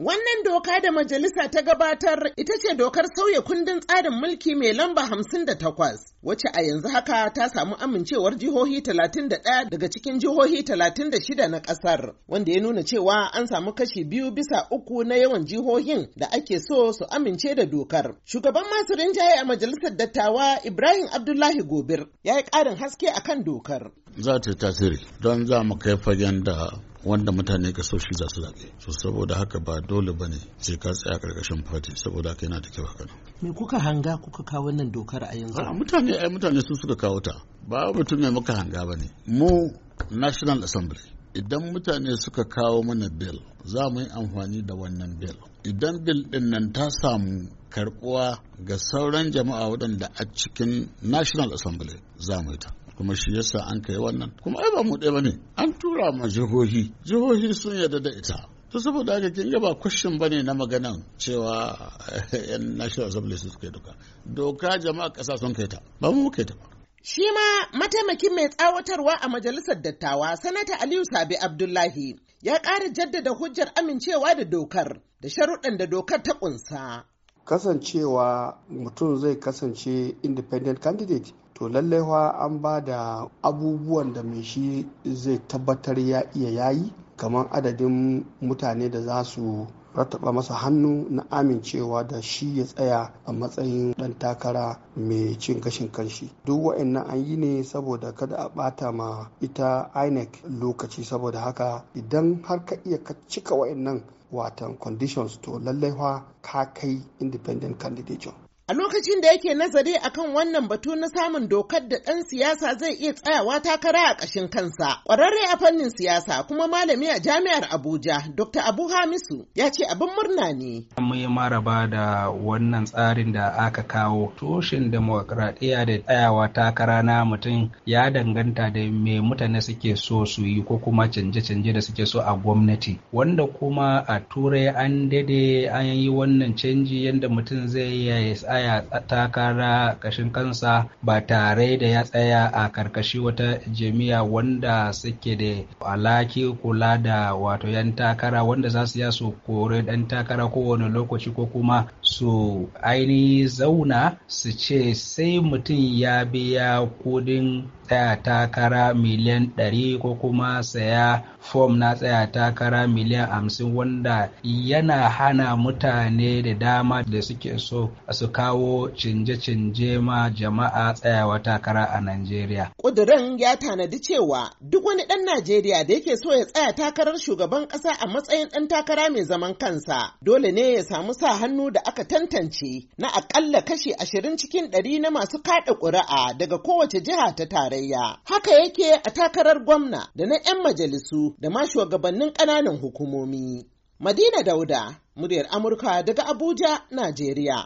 Wannan doka da majalisa ta gabatar ita ce dokar sauya kundin tsarin mulki mai lamba hamsin da takwas, wacce a yanzu haka ta samu amincewar jihohi talatin daga cikin jihohi talatin da shida na ƙasar, wanda ya nuna cewa an samu kashi biyu bisa uku na yawan jihohin da ake so su amince da dokar. Shugaban masu rinjaye a majalisar dattawa Ibrahim Abdullahi Gobir ya yi ƙarin haske akan dokar. Za ta tasiri don za mu kai fagen da wanda mutane ka so shi za su zaɓe so saboda haka ba dole ba ne sai ka tsaya karkashin fati saboda haka yana da kyau haka me kuka hanga kuka kawo wannan dokar a yanzu mutane ai mutane su suka kawo ta ba mutum ne muka hanga ba ne mu national assembly idan mutane suka kawo mana bill za mu yi amfani da wannan bill idan bill din nan ta samu karbuwa ga sauran jama'a waɗanda a cikin national assembly za mu yi ta kuma shi yasa an kai wannan kuma ai ba mu ɗaya bane an tura ma jihohi jihohi sun yarda da ita to saboda haka kin ba question bane na maganan cewa yan national assembly su suke doka doka jama'a ƙasa sun kai ta ba mu kai ta ba Shi ma mataimakin mai tsawatarwa a majalisar dattawa sanata Aliyu Sabi Abdullahi ya ƙara jaddada hujjar amincewa da dokar da sharuɗan da dokar ta ƙunsa. kasancewa mutum zai kasance independent candidate to lallaiwa an ba da abubuwan da mai shi zai tabbatar ya iya yayi kamar adadin mutane da za su rattaba masa hannu na amincewa da shi ya tsaya a matsayin ɗan takara mai cin gashin kanshi duk wa'annan an yi ne saboda kada a bata ma ita inec lokaci saboda haka idan har ka iya ka cika wa'annan watan conditions to lallai fa ka kai independent candidate A lokacin da yake nazari akan wannan batu na samun dokar da ɗan siyasa zai iya tsayawa takara a ƙashin kansa, ƙwararre a fannin siyasa kuma malami a jami'ar Abuja, Dr. Abu Hamisu ya ce abin murna ne. Mun yi maraba da wannan tsarin da aka kawo tushen demokradiyya da tsayawa takara na mutum ya danganta da me mutane suke so su yi ko kuma canje-canje da suke so a gwamnati. Wanda kuma a turai an dade an yi wannan canji yadda mutum zai iya tsaya takara kashin kansa ba tare da ya tsaya a karkashi wata jami'a wanda suke da alaki kula da wato yan takara wanda za su su kore dan takara kowane lokaci ko kuma su ainihi zauna su ce sai mutum ya biya kudin tsaya takara miliyan 100 ko kuma saya fom na tsaya takara miliyan 50 wanda yana hana mutane da dama da suke so su kawo kawo canje-canje ma jama'a tsayawa takara a Najeriya. Ƙudurin ya tanadi cewa duk wani ɗan Najeriya da yake so ya tsaya takarar shugaban ƙasa a matsayin ɗan takara mai zaman kansa dole ne ya samu sa hannu da aka tantance na aƙalla kashi ashirin cikin ɗari na masu kaɗa ƙuri'a daga kowace jiha ta tarayya. Haka yake a takarar gwamna da na 'yan majalisu da ma shugabannin ƙananan hukumomi. Madina Dauda, muryar Amurka daga Abuja, Najeriya.